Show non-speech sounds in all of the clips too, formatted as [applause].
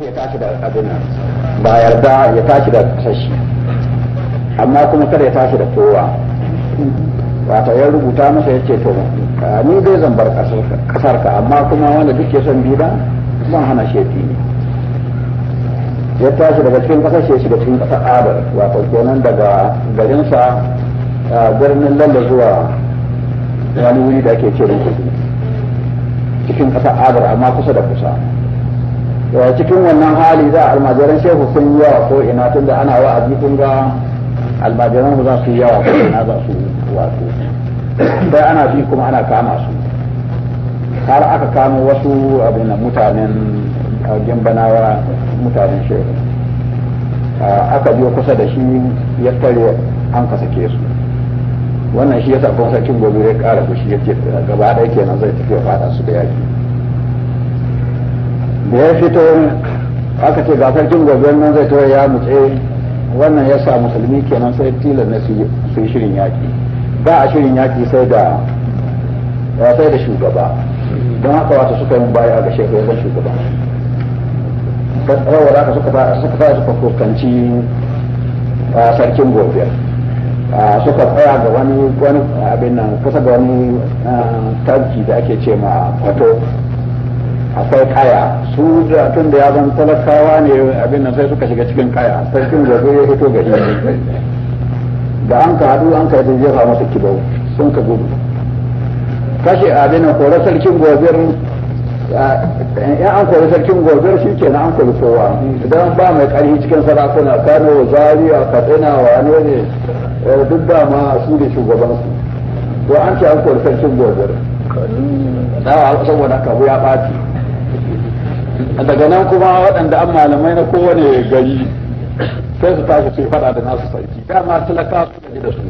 ya tashi da abin ba yarda ya tashi da tashi amma kuma kada ya tashi da kowa wata ya rubuta masa ya ce to ni dai zan bar kasar ka amma kuma wanda duk ke son biya zan hana shi ya tashi daga cikin kasar shi shiga cikin kasar adar wato kenan daga garinsa birnin lalle zuwa wani wuri da ake ce cikin kasar adar amma kusa da kusa wa cikin wannan hali za almajiran shehu sun yi yawa ko ina tunda ana wa'azi kun ga almajiran za su yi yawa ko ina za su wato sai ana bi kuma ana kama su har aka kama wasu abin mutanen gimbanawa mutanen shehu aka biyo kusa da shi ya tare an ka su wannan shi ya yasa kuma sarkin gobe ya kara fushi ce gaba ɗaya kenan zai tafi fada su da yaki da ya fito aka ce ga sarkin gobe nan zai to ya mutse wannan ya sa musulmi kenan sai tilas na su yi shirin yaƙi ba a shirin yaƙi sai da sai da shugaba don haka wata suka yi baya ga shekaru zan shugaba rawar da suka fara suka kokanci sarkin gobe suka tsaya ga wani abin nan kusa ga wani tarki da ake ce ma kwato akwai kaya su tun da ya zan talakawa ne abin nan sai suka shiga cikin kaya sarkin gobe ya fito gari da an ka hadu an ka yi jefa masa kibau sun ka gudu kashe abin nan kore sarkin gobir ya an kori sarkin gobir shi ke na an kori kowa idan ba mai ƙarfi cikin sarakuna kano zari a katsina wane ne eh, duk da ma su ne shugabansu to an ce an kori sarkin gobir saboda kabu ya ɓaci daga nan kuma waɗanda an malamai na kowane gari sai su tashi su faɗa da nasu sarki dama talaka su gaji da su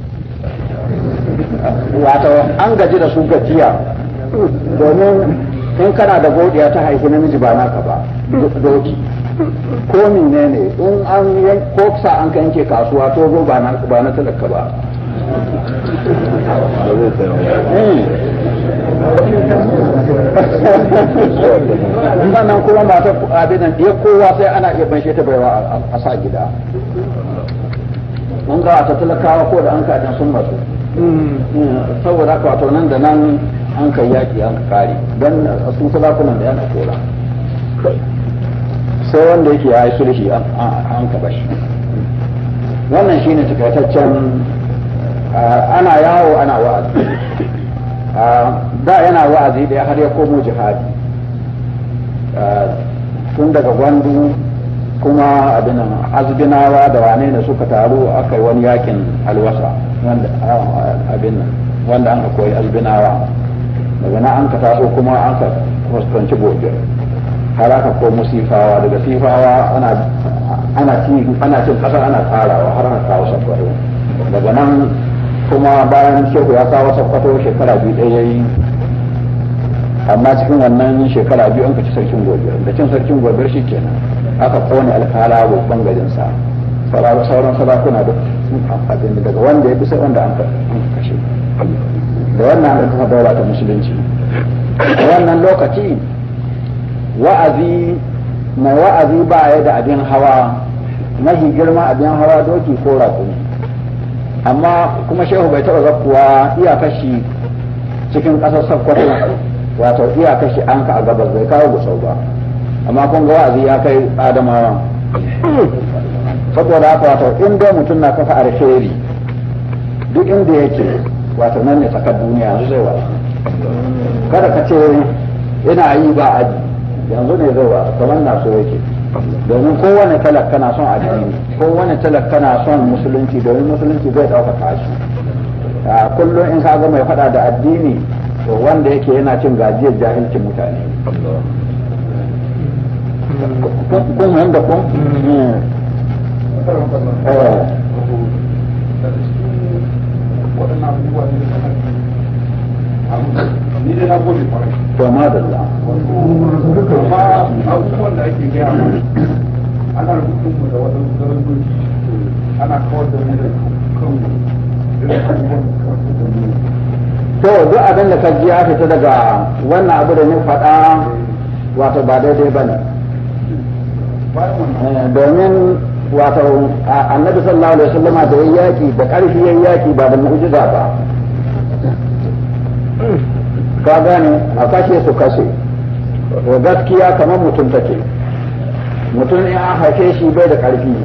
wato an gaji da su gajiya domin in kana da godiya ta haifi namiji ba naka ba doki ko ne ne in an ko sa an ka yanke kasuwa to ba na talaka ba eh. sannan kuma mata abin nan ya kowa sai ana iya banshe ta baiwa a sa gida mun ga wata talakawa ko da an kaɗin sun masu hmm. saboda haka wato nan da nan an kai yaƙi an kare don sun sadakunan da yana kora sai wanda yake ya yi sulhi an kaba shi wannan shine takaitaccen ana yawo ana wa'azi da yana wa'azi da ya har ya komo jihadi ah, tun daga gwandu kuma abin azbinawa da wane ne suka taru aka yi wani yakin alwasa wanda ah, an koyi azbinawa daga nan an ka taso kuma an ka kwastanci gobe har aka komo sifawa daga sifawa ana ana cin kasar ana tsarawa har aka kawo sabbaro daga nan kuma bayan shehu ya kawo sakwato shekara biyu ɗaya yayi amma cikin wannan shekara biyu an kaci sarkin gobe da cin sarkin gobe shi kenan aka kone alkala wa bangaren sa sauran sarakuna da abin daga wanda ya fi sai wanda an kashe da wannan an kafa daura ta musulunci wannan lokaci wa'azi mai wa'azi ba ya da abin hawa mahi girma abin hawa doki ko raƙumi amma kuma shehu bai taɓa zakkuwa iyakashi cikin ƙasar sakkwato wato iya kashi an ka a gabas bai kawo gusau ba amma kun ga wa'azi ya kai adamawa saboda haka wato in dai mutum na kafa alheri duk inda yake wato nan ne tsakar duniya yanzu zai wasu kada ka ce ina yi ba aji yanzu ne zai wasu kamar na so yake domin kowane talak kana son addini kowane talak kana son musulunci domin musulunci zai ɗaukaka shi kullum in ka ga mai faɗa da addini to wanda yake yana cin gajiyar jahilcin mutane kun da kun ni na gode kwarai to ma da da ake gaya da kan to duk abin da ka ji ya fita daga wannan abu da ni faɗa wato ba daidai ba ne eh, domin wato annabi sallallahu alaihi wasallama da yayi yaki da ƙarfi yayi yaki ba da mu'jiza ba ka gane a kashe su kashe wa gaskiya kamar mutum take mutum in an hake shi bai da ƙarfi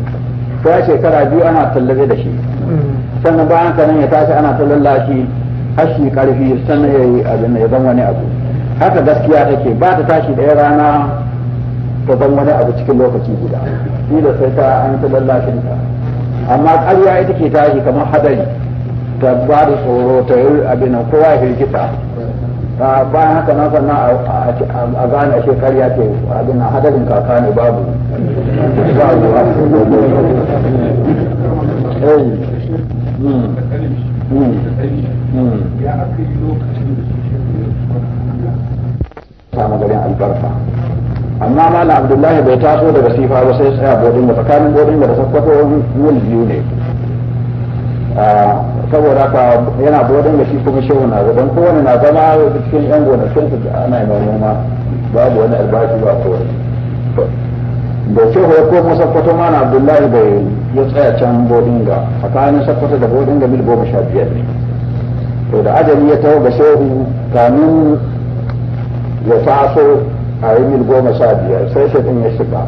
ta shekara biyu ana tallabe da shi mm. sannan bayan kanan ya tashi ana tallallashi ashi karfi sannan ya yi abin ya zan wani abu haka gaskiya take ba ta tashi ɗaya rana ta zan wani abu cikin lokaci guda shi da sai ta an ta lallashin ta amma ƙarya ita ke tashi kamar hadari ta ba da tsoro ta yi abin kowa ya firgita bayan haka na sannan a gane ashe ƙarya ke abin hadarin kaka ne babu babu ya lokacin da samu garin albarka amma mala abdullahi bai taso daga sifa ba sai tsaya bodin da tsakanin bodin da sakkwato wul biyu ne ah, saboda ka yana bodin da shi kuma shehu na zaban kowane na zama cikin yan gonakin su ana yi noma babu wani albashi ba kowane da shehu ya ko sakwato mana abdullahi bai ya tsaya can ga tsakanin sakwato da bodinga mil goma sha biyar ne to da ajali ya taho ga shehu kamin ya taso a yi mil goma sha biyar sai shekin ya shiga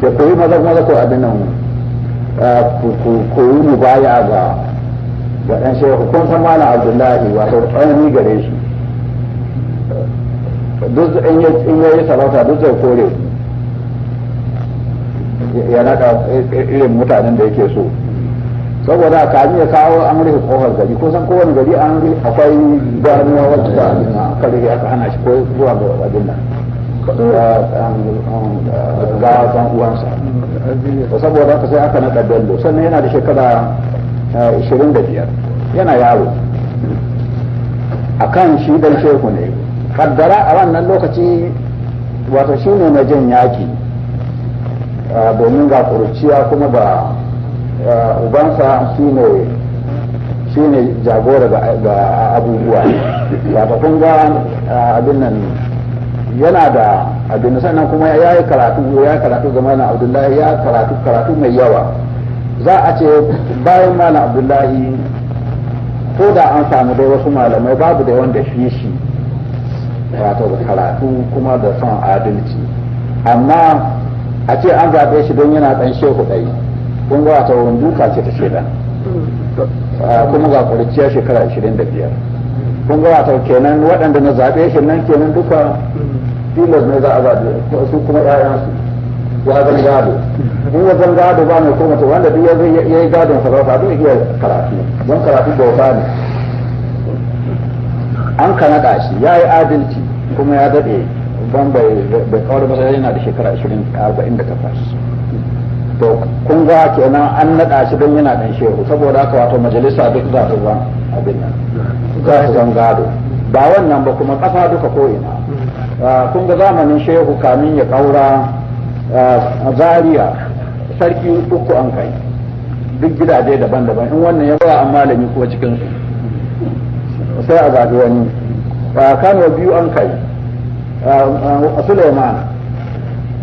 da koyi maza kuma ko abin nan koyi mu baya ga ga ɗan shehu kun san mana abdullahi wato tsanani gare shi duk in ya yi sarauta duk zai kore ya ka irin mutanen da yake so saboda ka ya kawo an rufe kofar gari ko san kowane gari an rufe akwai ganuwa wacce ta aka rufe aka hana shi ko zuwa ga wajen nan ga saboda ka sai aka naɗa bello sannan yana da shekara 25 yana yaro akan shi dan shehu ne kaddara a wannan lokaci wato shi ne na jan yaki domin ga kuruciya kuma ba Eh, ubansa shine shine jagora ga abubuwa wato kun ga eh, abin nan yana da abin sannan kuma ya yi karatu ya yi karatu ga malam abdullahi ya karatu karatu mai yawa za a ce bayan malam abdullahi ko da an samu dai wasu malamai babu da wanda shi shi wato da karatu kuma da son adalci amma a ce an zaɓe shi don yana ɗan shehu ɗaya kun ga ta duka ce ta shida mm. ah, kuma ga kurciya shekara 25 kun ga ta kenan waɗanda na zaɓe shi nan kenan duka Filas ne za a zaɓe su kuma ƴaƴansu ya zan gado in ya zan gado ba mai kuma ta wanda duk ya yi gadon sarauta duk iya karatu don karatu bauta ne an kanada shi ya yi adalci kuma ya daɗe ban bai kawar masarai yana da shekara 20 48 to kun ga kenan an naɗa shi don yana ɗan shehu saboda aka wato majalisa duk za su zan abin nan za su zan gado ba wannan ba kuma ƙasa duka ko ina mm. ah, kun ga zamanin shehu kamin ya ƙaura ah, Zariya sarki uku an kai duk gidaje daban-daban in wannan ya ba an malami ko cikin sai a zaɓi wani ah, kano biyu an kai suleiman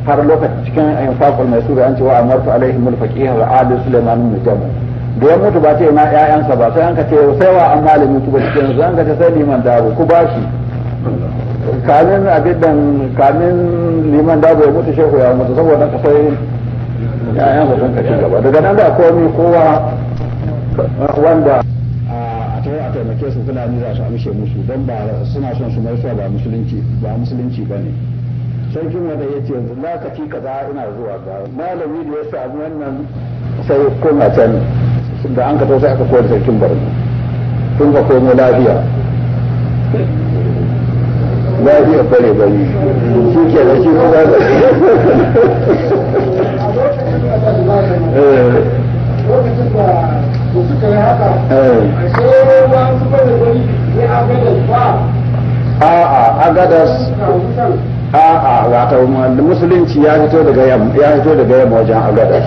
har lokacin cikin infaqul maisur an ce wa amartu alaihim al-faqih wa adil sulaiman ibn jamal da ya mutu ba ce na ƴaƴansa ba sai an ka ce sai wa an malami ku cikin su an ka ce sai liman dawo ku bashi kamin abin dan kamin liman dawo ya mutu shehu ya mutu saboda ka sai ƴaƴansa sun ka ci gaba daga nan da komai kowa wanda a taimake su fulani za su amshe musu don ba suna son su mai ba musulunci ba musulunci sai kuma da yace lokaci kaza ina zuwa ga malami da ya samu wannan sai koma can da an ka sai aka koyar sarkin barno tun ka komo lafiya lafiya bare bare shi ke da shi ko ba lokacin da suka yi haka eh. a sauran ba su bane wani ya agadas ba a'a agadas a'a wato musulunci ya fito daga yamma ya fito daga yamma wajen agada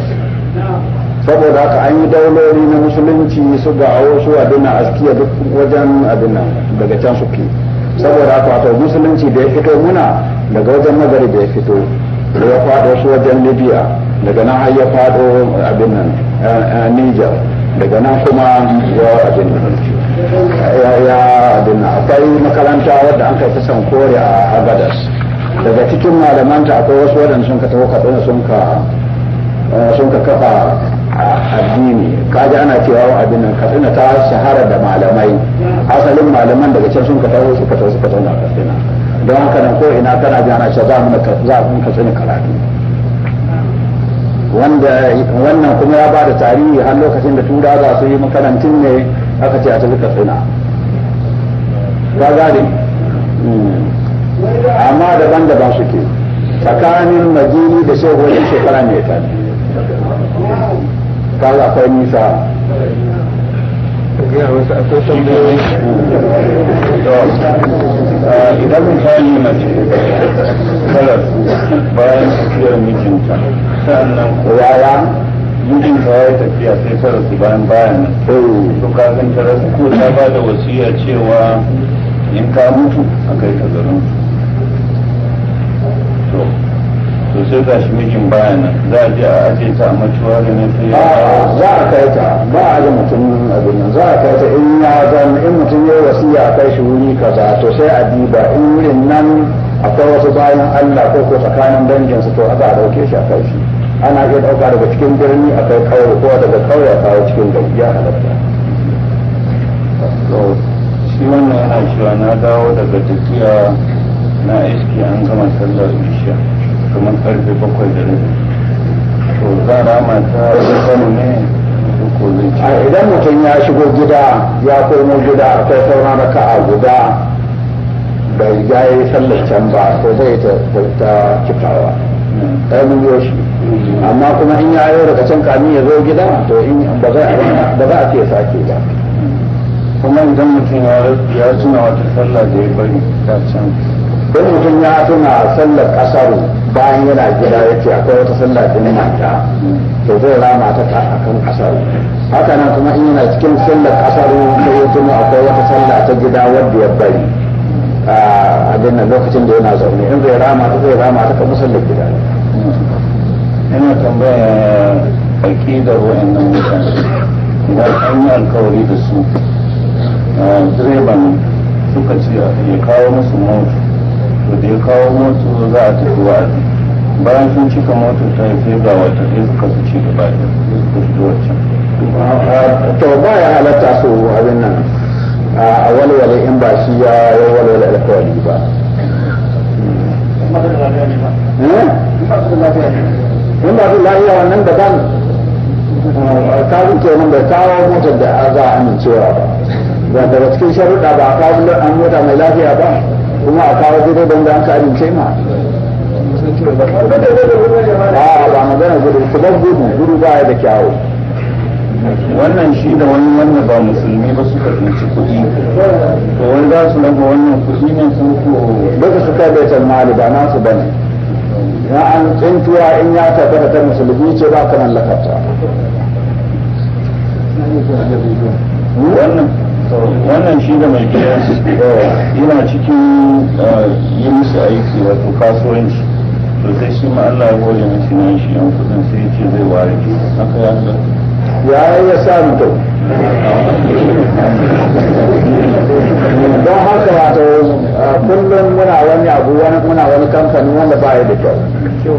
saboda haka an yi dauloli na musulunci su ga awo su adina askiya duk wajen adina daga can suke saboda haka wato musulunci da ya fito muna daga wajen magari da ya fito da ya fado su wajen libya daga nan har ya fado abin nan niger daga nan kuma ya abin nan ya abin akwai makaranta wadda an kai ta san kore a agadas daga cikin malamanta akwai wasu wadanda sun ka taho kaɗan sun ka eh, sun ka kafa addini kaji ana cewa abin nan katsina ta shahara da malamai asalin malaman daga can sun ka taho suka taho suka zauna katsina don haka nan ko ina kana ji ana cewa za ka za ka tsini karatu wanda wannan kuma ya ba da tarihi har lokacin da tura za su yi makarantun ne aka ce a tafi katsina ka gane hmm. amma daban-daban suke tsakanin majini da shehohin shekara mai ta kaga akwai nisa eh, idan misali mace karatu bayan tafiyar mijinta sannan yaya mijinta ya yi tafiya sai karatu bayan bayan to kafin ta rasu ko ta ba da wasiya cewa in ka mutu a kai ta garin to sai ga shi mijin baya nan za a je a aje ta a da ne sai ya za a kai ta ba a ga mutum abin nan za a kai ta in ya zan in mutum ya wasiya a kai shi wuri kaza to sai a diba in wurin nan akwai wasu bayan Allah ko ko tsakanin su to za a dauke shi a kai shi ana iya dauka daga cikin birni a kai kauye ko daga kauye a kawo cikin gari ya halatta shi wannan ana cewa na dawo daga tafiya na iske an gama sallar isha kamar karfe bakwai da rabi to za a rama ta kano ne a idan mutum ya shigo gida ya komo gida akwai sauran raka a guda bai ya yi sallar can ba ko zai ta kifawa ta yi shi amma kuma in ya yi daga can kamin ya zo gida to in ba za a ce sake ba kuma idan mutum ya tuna wata sallar da ya bari ta can don mutum ya tuna sallar kasar bayan yana gida ya ce akwai wata sallar da ta to zai rama ta a kan kasar haka nan kuma in yana cikin sallar kasar ta yi tuna akwai wata sallar ta gida wadda ya bari a dinnan lokacin da yana zaune in zai rama ta zai rama ta kan sallar gida ina tambaya aƙidar wa'annan mutane idan an yi alkawari da su direban suka ce ya kawo musu mawuta to da ya kawo moto za a tafi wa'azi bayan sun cika moto ta sai ga wata sai suka su ci gaba da su su wancan to ba ya halatta su abin nan a walwale in ba shi ya yi walwale alkawari ba eh? in ba su lafiya wannan da ban kawun kenan bai kawo motar da za a amincewa ba ba daga cikin sharuɗa ba a kawo an mota mai lafiya ba kuma a kawo zai don da ka amince ma a ba magana gudu ku ba gudu gudu ba da kyawo wannan shi da wani wannan ba musulmi ba suka tsinci kuɗi to wani za su raba wannan kuɗi ne sun ko duka su kai baitul mali ba nasu bane na an tsintuwa in ya da ta musulmi ce ba ka mallakarta wannan wannan shi da mai biyan yana cikin ah, yi musu aiki wato kasuwanci to sai shi ma Allah ya goye musu nan shi yan kudin sai ya ce zai ware ki haka ya ga ya ya sa mutum don haka wato ah, kullum muna wani abu wani muna wani kamfani wanda ba ya da kyau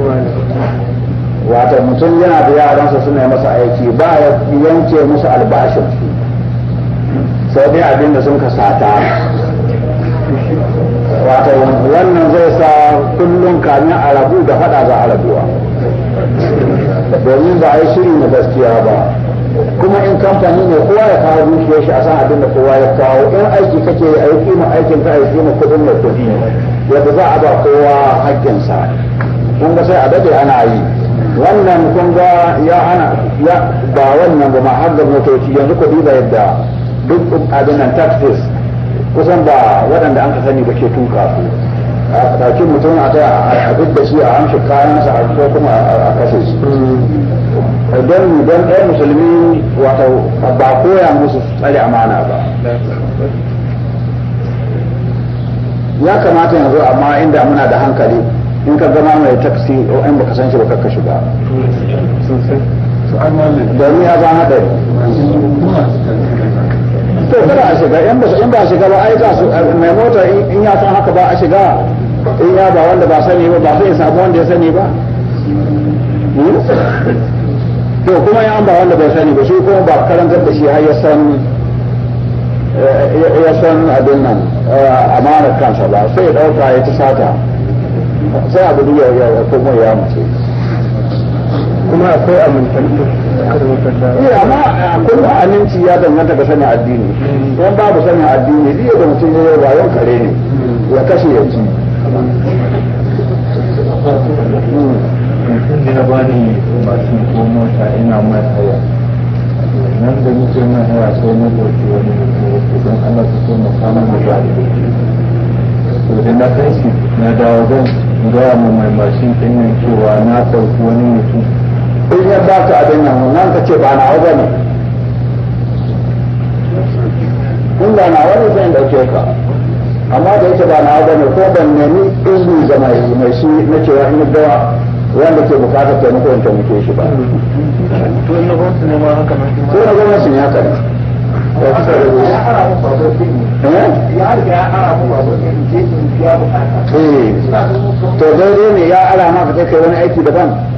wato mutum yana da yaransa suna masa aiki ba ya yanke musu albashin domin abin da sun kasata wato wannan zai sa kullum kamin a rabu da fada za a domin ba a yi shiri na gaskiya ba kuma in kamfani ne kowa ya kawo dukiyar shi a san abin da kowa ya kawo in aiki kake a yi kima aikin ka a yi kima kudin da kudi yadda za a ba kowa hakkinsa kun ga sai a dade ana yi wannan kun ga ya ana ba wannan ba ma har da motoci yanzu kudi ba yadda duk abin nan taxis kusan ba waɗanda an ka sani ba ke tuka su a ɗauki mutum a ta a da shi a amshi kayansa a ko kuma a kashe su mm. don don ɗaya musulmi wata ba koya musu tsare amana ba ya kamata yanzu amma inda muna da hankali in ka zama mai taksi o in baka san shi ba kakka shiga domin ya zama to kada a shiga in ba in ba shiga ba ai za su mai mota in ya san haka ba a shiga in ya ba wanda ba sani ba ba sai samu wanda ya sani ba hmm? to kuma ya ba wanda bai sani ba shi kuma ba karantar da shi har ya san eh, ya san abin nan eh, amanar kansa ba sai ya dauka ya ci sata sai abu ya komo ya mace kuma akwai amintattu iya amma akwai aminci ya danganta ga sanin addini don babu sanin addini biyu da mutum ya yi bayan kare ne ya kashe ya ci mutum ya bani mashin ko mota ina mai haya nan da nufin na haya sai na ɗauki wani mutum don ana su so na kama mu ba to da na kai shi na dawo zan gaya mu mai mashin ɗin cewa na ɗauki wani mutum in ya ba ta abin nan wannan ka ce ba na wa ne in ba na wani da ke ka amma da yake ba na wa ne ko ban nemi izini ga mai mai shi na cewa in da wanda ke bukatar taimako in taimake shi ba to in gwamnati ne ma haka ne ko na gwamnati ne haka ne eh? eh. to dai ne ya ara maka take wani aiki daban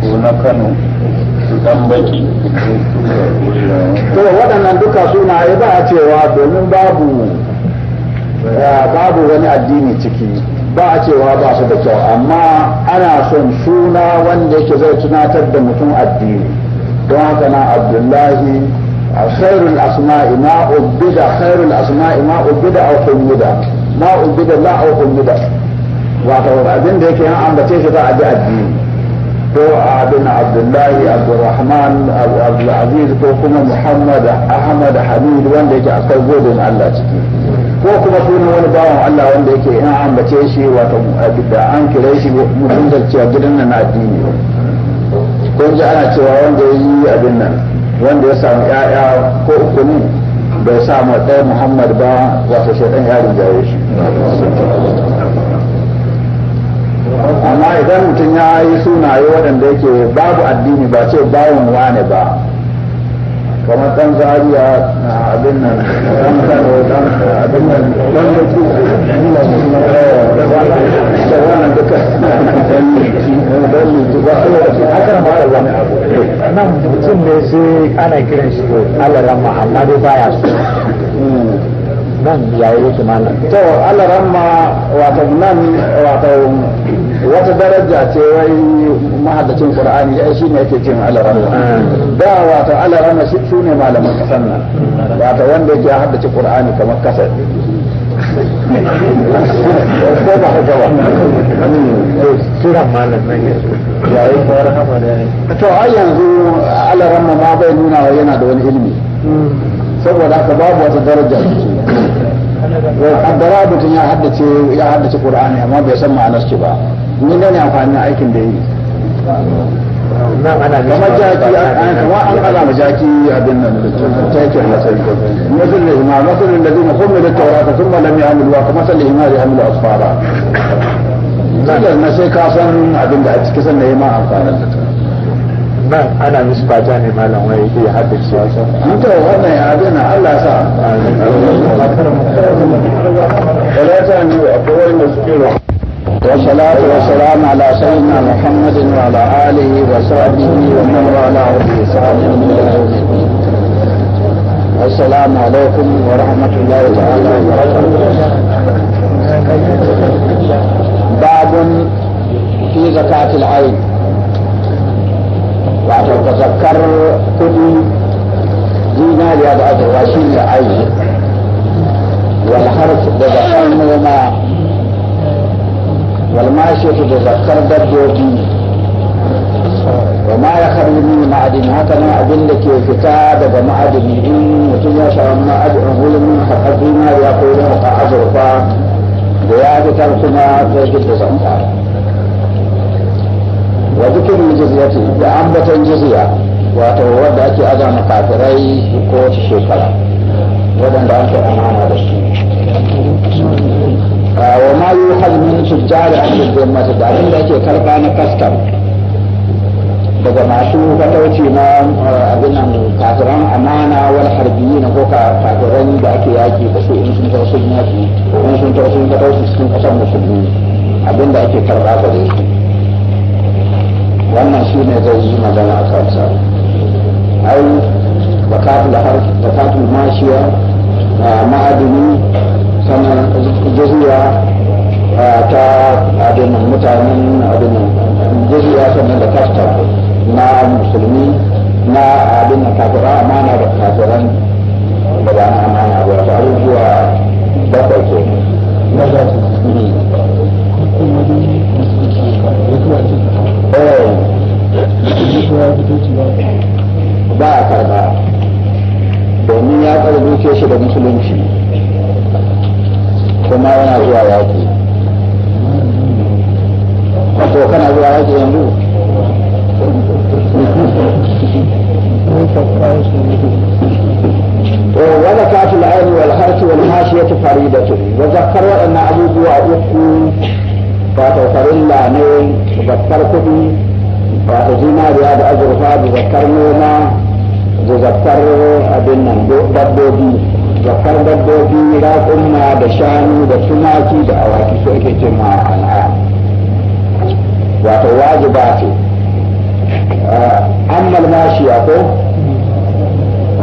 ko na kano su dan baki to waɗannan duka sunaye ba a cewa domin babu babu wani addini ciki ba a cewa ba su da kyau amma ana son suna wanda yake zai tunatar da mutum addini don haka na abdullahi a khairul asma'i ma ubbida khairul asma'i ma ubbida aw hummida ma ubbida la aw hummida wato abin da yake an ambace shi za a ji addini ko abin abdullahi abdurrahman abdulaziz ko kuma muhammad ahmad hamid wanda yake akwai godin allah ciki ko kuma sunan wani bawan allah wanda yake ina ambace shi wato da an kira shi mutum da cewa gidan nan addini kun ji ana cewa wanda ya yi abin nan wanda ya samu ya'ya ko uku ne bai samu ɗaya muhammad ba wato shaidan ya rinjaye shi amma idan mutum ya yi sunaye waɗanda yake babu addini ba ce bawan wane ba kamar ɗan zariya na abin nan ɗan kano dan abin nan dan da ku da wannan duka ɗan dan mutu ba akan ba da wani abu nan mutum ne sai ana kiran shi Allah amma dai baya su hmm. nan ya yi wuce mana to Allah ramma wato nan wato wata daraja ce wai mahallacin qur'ani ai ne yake cin Allah ramma da wato Allah ramma shi ne malaman kasan nan wanda yake haddace qur'ani kamar kasar ko ba haka ba ya yi hama da to ai yanzu Allah ma bai nuna yana da wani ilimi hmm. saboda haka babu wata daraja kaddara mutum ya haddace ya haddace qur'ani amma bai san ma'anar shi ba ni ne ne amfanin aikin da yi kamar jaki kamar an ala ma jaki abin nan ta yake matsayi masul da ima masul da zina kuma da taurata sun ma lam ya'malu wa kuma sal ima ya amalu asfara na sai ka san abin da a cikin sannan ya ma amfani. nan ana musu baja ne malam wai zai haddar shi wasa to wannan ya abin Allah sa salata ne akwai wanda suke والصلاة والسلام على سيدنا محمد وعلى آله وصحبه ومن والاه بإحسان إلى يوم السلام عليكم ورحمة الله تعالى وبركاته. باب في زكاة العين. wato ka zakar kudi zinariya da azurwa shi ne ayi wal harf da zakar noma wal mashiyatu da zakar dabbobi wa ma ya kharu min ma'adin haka nan abin da ke fita daga ma'adin in mutum ya samu ma'adin hulmin haƙar zinariya ko yin azurfa da ya fitar kuma zai gidda zakar wa zikirin jizyati da ambaton jizya wato wadda ake azama kafirai ko wace shekara waɗanda an fi amana da su wa ma yi halin halmin tujjari an jirgin mata da abin da ake karba na kastam daga masu fatauci na abinan kafiran amana wani harbiyi na ko kafiran da ake yaki da su in sun tausun yaki in sun tausun fatauci cikin ƙasar musulmi abin da ake karɓa gare su wannan shi ne zai yi magana a kansa ai bakatul mashiya ma'adini sannan jiriya ta adinin mutanen adinin jiriya sannan da kasta na musulmi na abin da kafiran amana da kafiran da ba na amana ba ta zuwa bakwai ke shi da musulunci kuma yana zuwa yaƙi wato kana zuwa yaƙi yanzu وزكاة العين والحرث والحاشية فريدة وذكر أن أبوه وأبوه فاتوفر الله نين وذكر كبي فاتزينا بهذا أجر فاتذكر نوما تذكر أبنا دبوبي zakar dabbobi kuma da shanu da tumaki da awaki su ake ce ma an'am wato wajiba ce ah, amma ya ko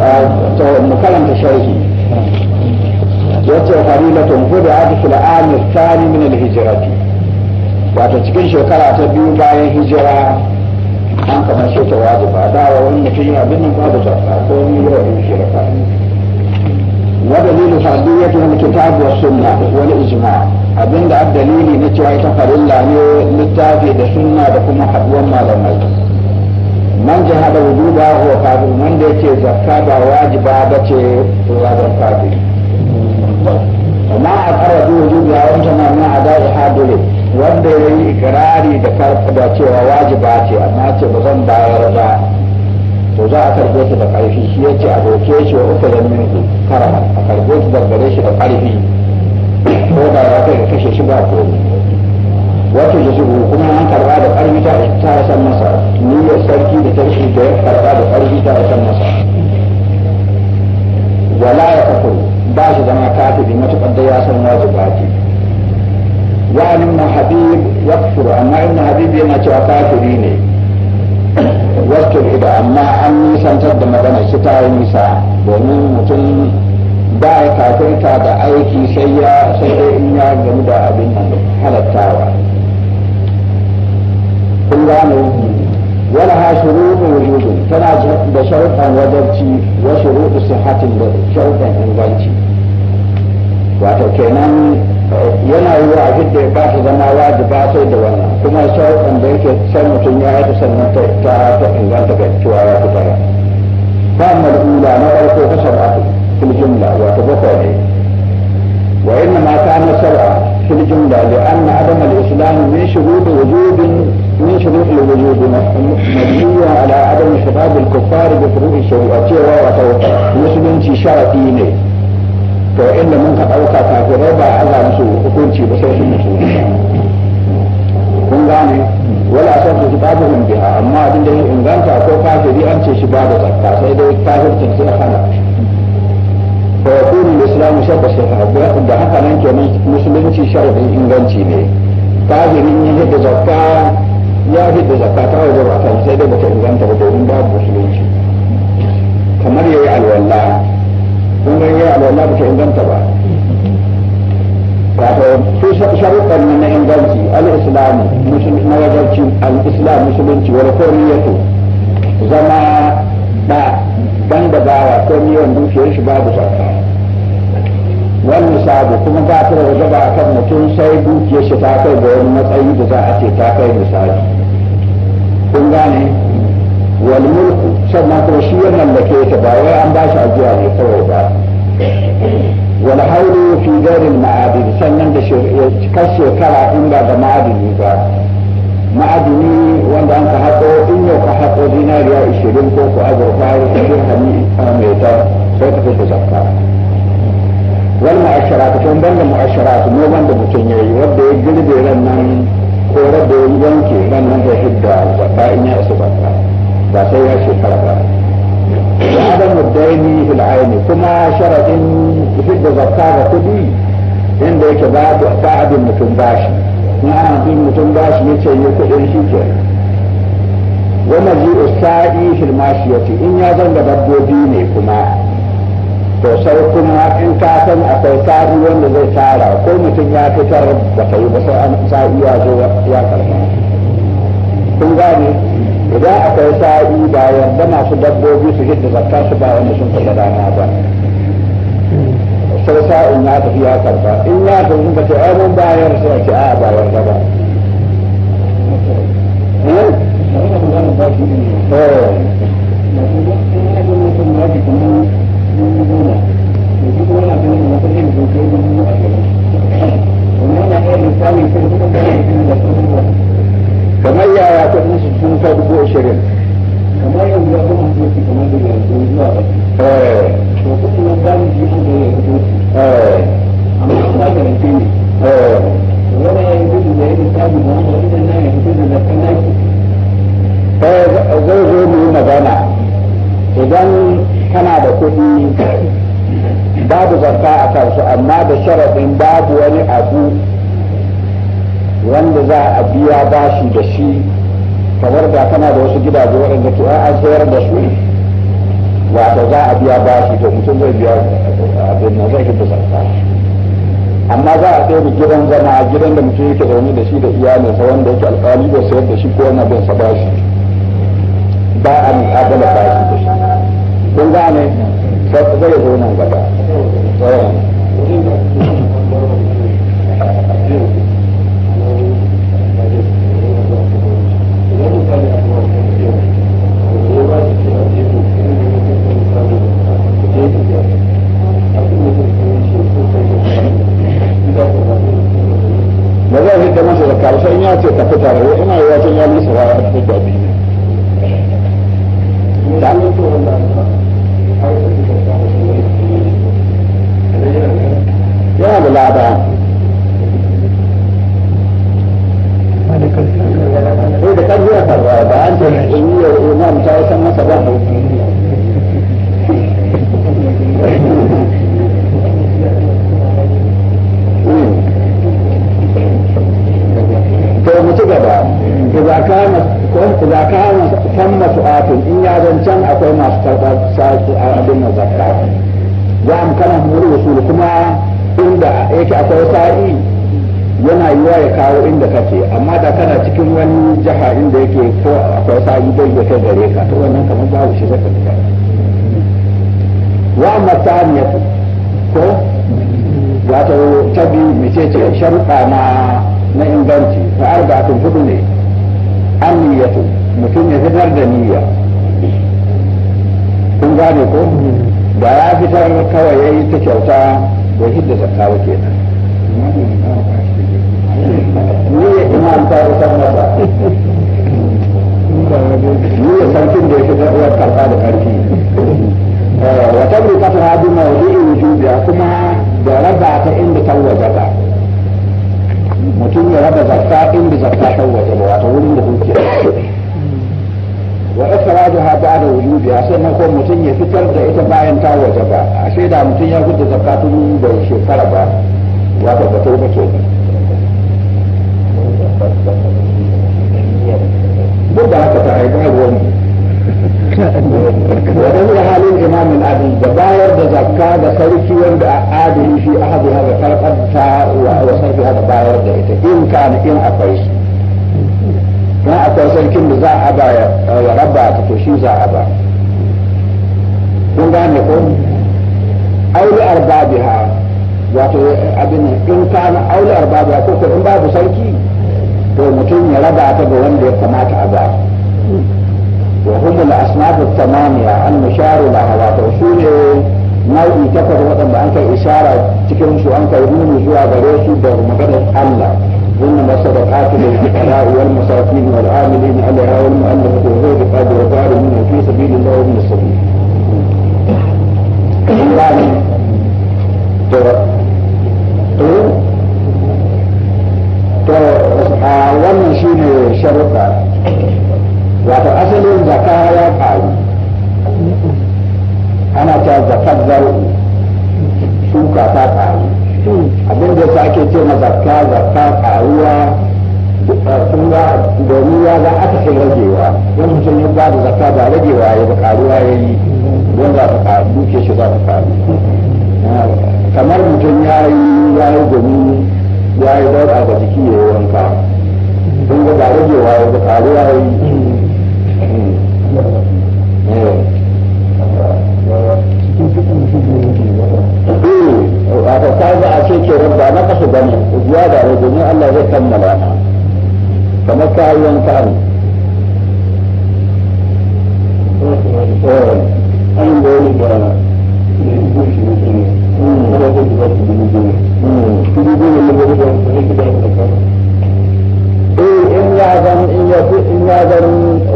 ah, to mu karanta sharhi yace farilatun huda fil aam athani min al hijrati wato cikin shekara ta biyu bayan hijira an kamar shi ta wajiba da wanda wannan yi abin nan ba zakka ko ni yau in shirka ودليل فرديتها الكتاب والسنة والإجماع أبن ده الدليل نتوى يتفر الله للتافي ده سنة ده كما حدوى ما لمي من جهد وجوبها هو كافر من ده تي زكاة واجبة بتي هذا الكافر وما أقر وجوبها وانتما من أداء حاضر wanda ya yi ikirari da karfa da cewa wajiba ce amma ce ba zan bayar ba to za a karbe shi da ƙarfi shi ya ce a shi wa uku da minhu karama a karbe shi gare shi da ƙarfi ko da ya kai ga kashe shi ba ko wato ya shigo kuma an karba da ƙarfi ta ta san masa niyyar sarki da tarshi da ya karba da ƙarfi ta san masa wala ya kafuru ba shi zama kafiri matuƙar da ya san wajibati wa ibn habib yakfuru amma ibn habib yana cewa kafiri ne wato ida amma an nisantar da magana shi ta yi nisa domin mutum ba ya kafirta da aiki sai ya sai in ya gani da abin nan halattawa kun gane wani ha shuruɗin wujudu tana da sharuɗan wajarci wa shuruɗin hatin da sharuɗan inganci wato kenan yana yi wa abin da ya ba su zama ba sai da wannan kuma sharuɗan da yake sai mutum ya yi sannan ta ta inganta ga cewa ya fi Ba fa'amma da ula na farko ta shara sab'atu fil da wato bakwai ne wa inna ma kana sab'a da jumla an na adam al islam min shurut wujud min shurut al wujud mabniya ala adam shiqab al kuffar da furu' shari'a cewa wato musulunci sharadi ne to inda mun ka ɗauka kafirai ba a za musu hukunci ba sai su musu kun gane wala san su babu hun biha amma abin da ya inganta ko kafiri an ce shi babu zakka sai dai kafircin sai hana fa yakunu al-islamu shabba shafa da haka nan ke musulunci sharadin inganci ne kafirin yin da zakka ya fi da zakka ta wajen ba sai dai ba ta inganta ba domin babu musulunci kamar yayi alwala kun ga yayi alwala ba ta inganta ba wato su sharuɗan na inganci al-islam musulmi na wajarci al-islam musulunci wal kuriyatu zama da dan da bawa ko niyan dukiyar shi babu zakka wal misabu kuma ba ta da wajaba kan mutum sai dukiyar shi ta kai ga wani matsayi da za a ce ta kai misali kun gane wal mulku sannan kuma shi ya ke ta ba an ba shi ajiya ne kawai ba wal haulu fi garin ma'adin sannan da cikar shekara in ba da ma'adini ba ma'adini wanda an ka haƙo in yau ka haƙo zinariya ishirin ko ku azurfa irin hami mai ta sai ka fita zakka wal mu'asharat kun banda da su noman da mutum ya yi wadda ya girbe ran nan ko rabbe yanke ran nan zai hidda zakka in ya isa zakka فسوى شيء حركة هذا مدعيني في العين كما شرع إن تفيد زفارة تبي إن ديك بعد وقتاعد المتنباش نعم في المتنباش نتشي يتقل شيء ومجيء السائي في الماشية إن يظن لبدو ديني كما تو كما إن كاتن أقول تاري وإن زي تارا كل متن يا كتر وكيب سائي يا زوا يا كرمان كم غاني idan akwai sa'i ba wanda masu dabbobi su hidda zakka su ba wanda sun kalla rana ba sai sa'in ya tafi ya karba in ya tafi ba ce ai mun bayar sai ce a ba wanda ba Thank eh? you. Eh. abu wanda za a biya bashi da shi kamar da kana da wasu gidaje waɗanda ke an sayar da su wato za a biya bashi to mutum zai biya abin nan zai hidda sarfa amma za a tsaye gidan zama a gidan da mutum yake zaune da shi da iyalinsa wanda yake alƙali da sayar da shi ko wani abin sa bashi ba a mu'adala bashi da shi kun gane zai zo nan gaba eh. كان إذا كان ثم سؤال إن يعلم كان أقوى zakka سؤال أبن kana وأمكنهم الوصول kuma inda yake akwai sa'i yana yiwa ya kawo inda kake amma da kana cikin wani jiha inda yake ko akwai sa'i bai ya kai gare ka to wannan kamar babu shi zaka fita wa amma ko wato ta biyu mace ce sharuɗa na na inganci ta arba'atun hudu ne an niyyatu mutum ya fitar da niyya kun gane ko da ya fitar kawai ya yi ta kyauta da shi da zakka ba kenan ni ya imam ta san masa ni ya sarkin da ya fitar da karfa da karfi eh, wata bi ta fara bi mawdu'i wujubiya kuma da raba ta inda ta wajaba mutum ya raba zakka inda zakka ta waje ba wato wurin da dukiya wa da ha a wujubiha sannan ko mutum ya fitar da ita bayan ta waje ba a da mutum ya fitar tun da shekara ba wato ba tauba ce duk da haka ta haifar wani wajen halin imamin adil da bayar da zakka da sarki wanda a adili shi a hadu haɗu haɗa karɓarta wa sarki haɗa bayar da ita in kana in akwai su don akwai sarkin da za a ba ya rabba ta to shi za a ba kun gane ko auli arbabiha wato abin in kana auli arbabiha ko ko in babu sarki to mutum ya raba ta ga wanda ya kamata a ba الثمانية المشار لها وتوصيل نوعي كفر وطن بأنك إشارة تكرم شو أنك على وزوى بريسي بمقدة حملة ضمن الصدقات للفقراء والمصافين والعاملين عليها والمؤلفة وغير قد وفار منه في سبيل الله ومن السبيل wannan shi ne sharuɗa wato asalin zakara ya faru ana ta zakar zarfi shuka ta karu abin da ake ce ma zakka zakka ƙaruwa sun eh, ba domin ya za a kashe ragewa don mutum ya ba da zakka ba ragewa ya ba karuwa ya yi don za ta karu duke shi za ta karu. kamar mutum ya yi ya yi domin ya yi dauɗa ga jiki ya yi wanka don ga ba ragewa ya ba karuwa ya yi hmm. wato ta ga a ce ke rabba na kasu gani zuwa da rai domin Allah zai kammala ta kamar ta yi wani ba ba ba eh, in ya zan ya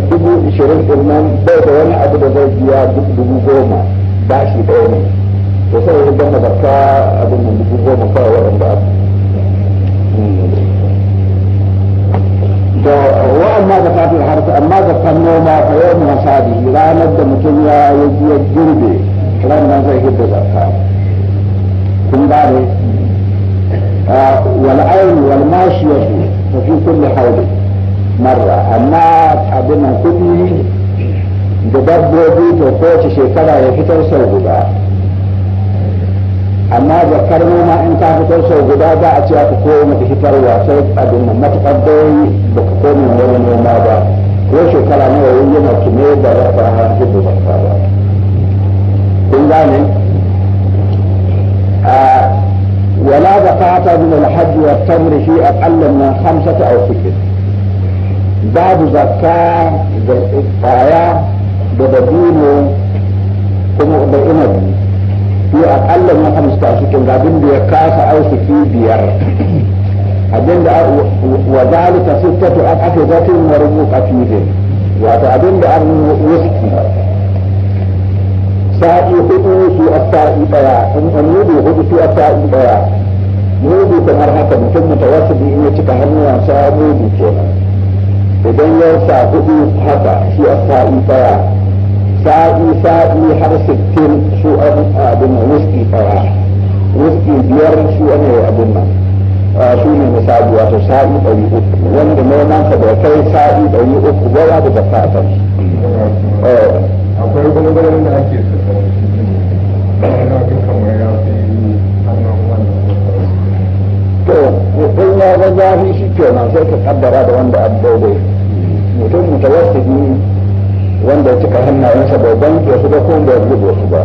dubu ishirin nan bai da wani abu da zai biya dubu goma ba shi ɗaya ne ko kawai da gama barka abin da dubu goma kawai waɗanda to hmm. wa amma da fatin harfi amma da kan noma fa yau mu hasadi ranar da mutum ya yi ya girbe ranar zai hidda zakka kun ba ne ah, wal ayn wal mashi yasu fa fi kulli hawli marra amma abin nan kudi da dabbobi to kowace shekara ya fitar sau guda amma zakar noma in ta fitar sau guda za a cewa ka koma da fitarwa sai abin nan matuƙar dai ba ka koma wani noma ba ko shekara nawa yin yana kime da za ka har hudu ba ka ba kun gane ولا زكاة من الحج والتمر في أقل من خمسة أو ستة باب زكاة قايا بدبينه كما بإنبي fi aƙalla ma hamsta cikin gabin da ya kasa arziki biyar abin da wa zalika sittatu aqatu zatin wa rubuqa fihi wato abin da an wuski sa'i hudu su asa'i daya in annubi hudu su asa'i daya mudu kamar haka mutum mutawassidi in ya cika hannuwa sa mudu kenan idan ya sa hudu haka shi asa'i daya sa'i sa'i har sittin su an abin wuski fara wuski biyar su an yi abin nan su ne na misali wato sa'i ɗari uku wanda noman ka da kai sa'i ɗari uku ba ya da zakka a kan akwai gwangwanin da ake to in ya ga zafi shi nan sai ka kaddara da wanda an daidai mutum su ne wanda ya cika hannayensa bai banke su ba kuma bai zubo su ba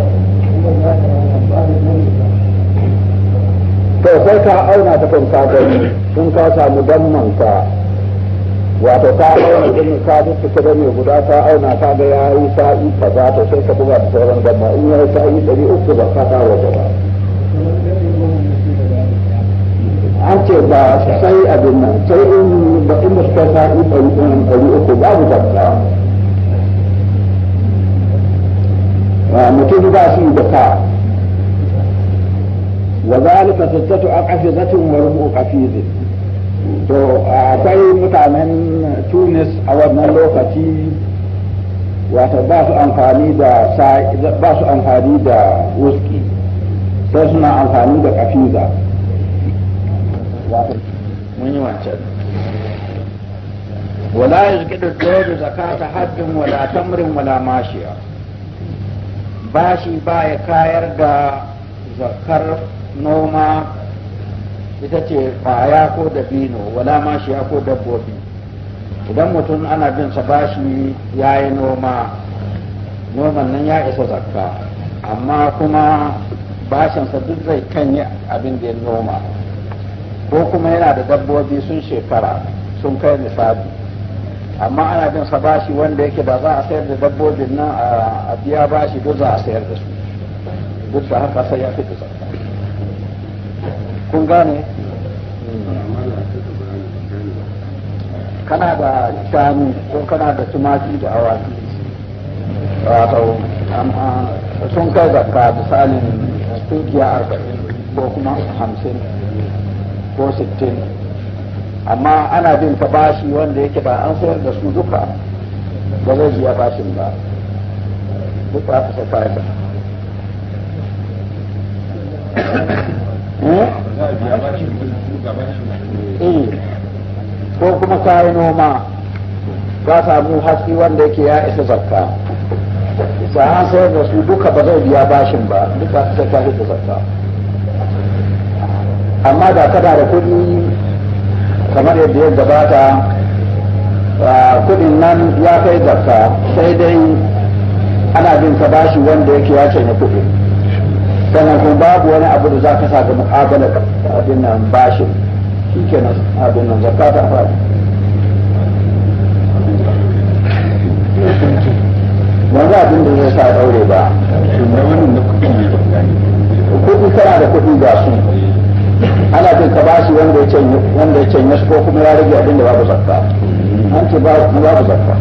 to sai ka auna ta kan kagani sun ka samu damman ka wato ka auna jinin ka duk cike da mai guda ka auna ka ga ya yi sa'i kaza ta sai ka buga da sauran damma in ya yi sa'i ɗari uku ba ka kawo ba an ce ba sai abin nan sai in ba in ba su kai sa'i ɗari uku babu zakka mutum ba shi da sa wa zalika sittatu aqfizatin wa rubu qafizin to akwai mutanen Tunis a wannan lokaci wato ba su amfani da ba su amfani da wuski sai suna amfani da kafiza mun yi wancan wala yuzkidu dawdu zakata haddin wala tamrin wala mashiya bashi ba ya kayar da zakar noma ita ce kwaya ko dabino wala mashiya ko dabbobi idan mutum ana bin sa bashi ya yi noma noman nan ya isa zakka amma kuma bashinsa duk zai kanyi abin da ya noma ko kuma yana da dabbobi sun shekara sun kai nisabi amma ana bin sa bashi wanda yake ba za a sayar da dabbobin nan a biya bashi duk za a sayar da su duk da haka sai ya fi da kun gane kana da shanu ko kana da tumaki da awaki wato sun kai zakka misalin tukiya arba'in ko kuma hamsin ko sittin amma ana bin ta bashi wanda yake ba an sayar da su duka ba zai biya bashin ba duk ba ka sauka eh? ba eh. ko kuma kayi noma sa samu hatsi wanda yake ya isa zakka sa an sayar da su duka ba zai biya bashin ba duk ba ka sauka da zakka amma da kada da kudi kamar yadda ya gabata kudin nan ya kai zakka sai dai ana bin ka bashi wanda yake ya na kudi sannan kuma babu wani abu da za ka sa ga mu'amala abin nan bashin shi ke na abin nan zakka ta faɗi wanzu abin da zai sa daure ba kudi tana da kudi ga su ana bin ka shi wanda ya canye wanda ya canye ko kuma ya rage abin da babu zakka an ce babu zakka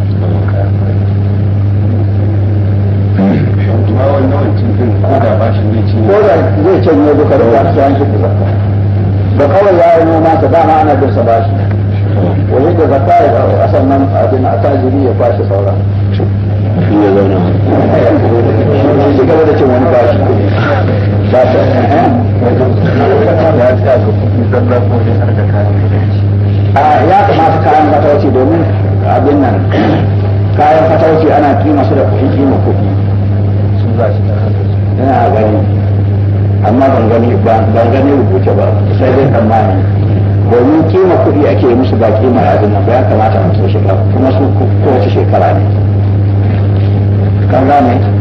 ko da zai canye duka da wasu an shi zakka da kawai ya yi noma ta dama ana bin sa shi wani da zakka ya a nan abin a tajiri ya kwashe sauran shi ya zauna [laughs] ki ci gaba da cin wani bashi ba ta eh? a ya kamata kayan fatauci domin abin nan kayan fatauci ana kima su da kuɗi kima kuɗi sun za su ina gani amma ban gani ban gani rubuce ba sai dai tsammani domin kima kuɗi ake yi musu ba kima yanzu nan ba ya kamata a musu shekara kuma su kowace shekara ne kan gane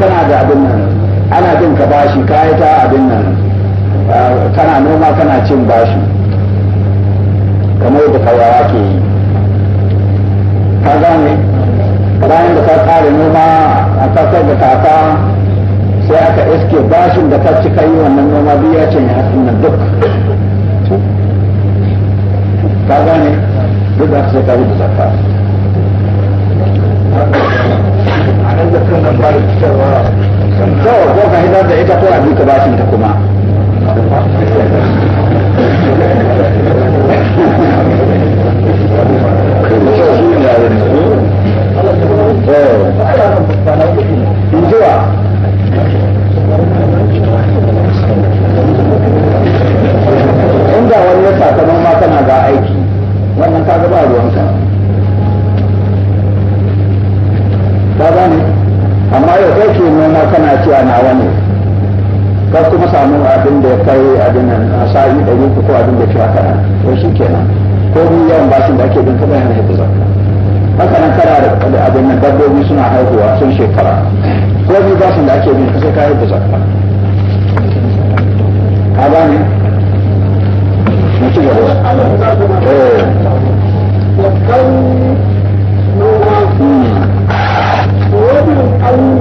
kana da abin nan ana bin ka bashi ka yi ta abin nan kana noma kana cin bashi kamar da kawawa ke yi ka gane bayan da ka kare noma a kasar da kaka sai aka iske bashin da ka cika yi wannan noma biya ce ya hasin nan duk ka gane duk da aka sai ka da zakka to ko ka hidar da ita ko a duka bashin ta kuma inda wani ya sakamakon ma kana ga aiki wannan ka gaba ruwanka ta gane yau sai ke nuna kana cewa na wani ka kuma samu abin da ya kai abin nan a sa'i da uku ko abin da cewa kana to shi kenan ko ni yawan bashin da ake bin ka yana haihu zakka haka nan kana da abin nan dabbobi suna haihuwa sun shekara ko ni bashin da ake bin sai ka haihu zakka ka gane mutu gaba eh da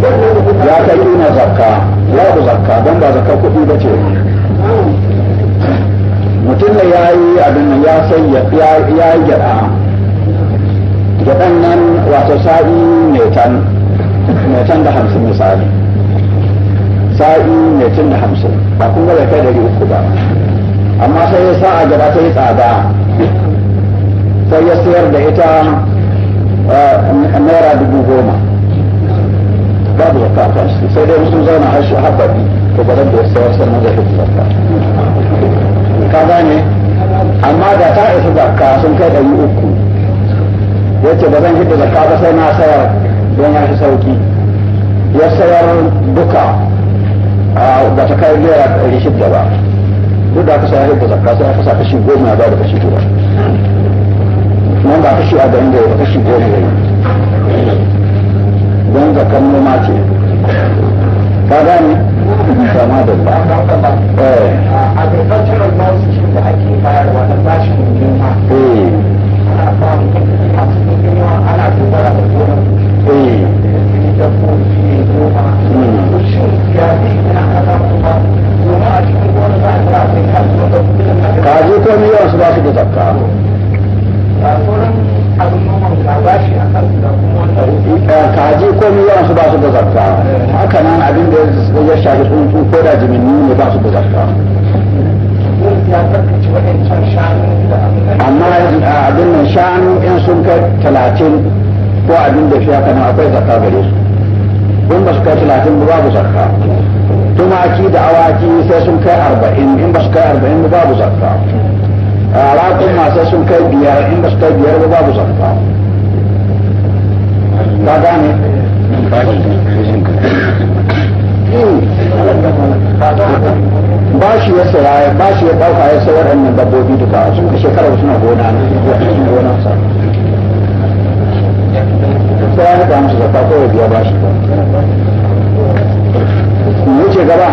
Thank you. ya kai ina zakka ku zakka don ba zakka kuɗi ba ce mutum da ya yi abin nan ya sai ya yi gyaɗa gyaɗan nan wato sa'i metan metan da hamsin misali sa'i metan da hamsin ba kun ga kai dari uku ba amma sai ya sa a gaba ta yi tsada sai ya sayar da ita eh, naira dubu goma babu zakka a kan sai dai musu zauna har shi haɓa bi to ba zan da wasu wasu sannan zai fi zakka ka gane amma da ta isa zakka sun kai ɗari uku yace ba zan hita zakka ba sai na sayar don ya fi sauki ya sayar duka a ba ta kai naira ɗari shidda ba duk da aka sayar hidda zakka sai aka sa kashi goma ba da kashi guda nan ba kashi arba'in da ya kashi goma ya yi don zakar noma ce ka gane sama da ba a eh. agricultural da ake bayarwa na bashin noma eh. ana duba eh. hmm. kuma a cikin gona za a da kaji ko miliyan su ba su da zakka kaji komi yawan su ba su da zakka haka nan abin da ya shafi tsuntsu ko da jimini ne ba su da zakka amma abin nan shanu in sun kai talatin ko abin da shi haka nan akwai zakka gare su in ba su kai talatin ba babu zakka tumaki da awaki sai sun kai arba'in in ba su kai arba'in ba babu zakka rakun masu sun kai biyar in ba su kai biyar ba babu zakka ka gane ba shi ya saya ba shi ya ɗauka ya sai waɗannan dabbobi duka sun ka shekara suna gona na gona sa sai ya rika musu zakka ko ya biya ba shi ba wuce gaba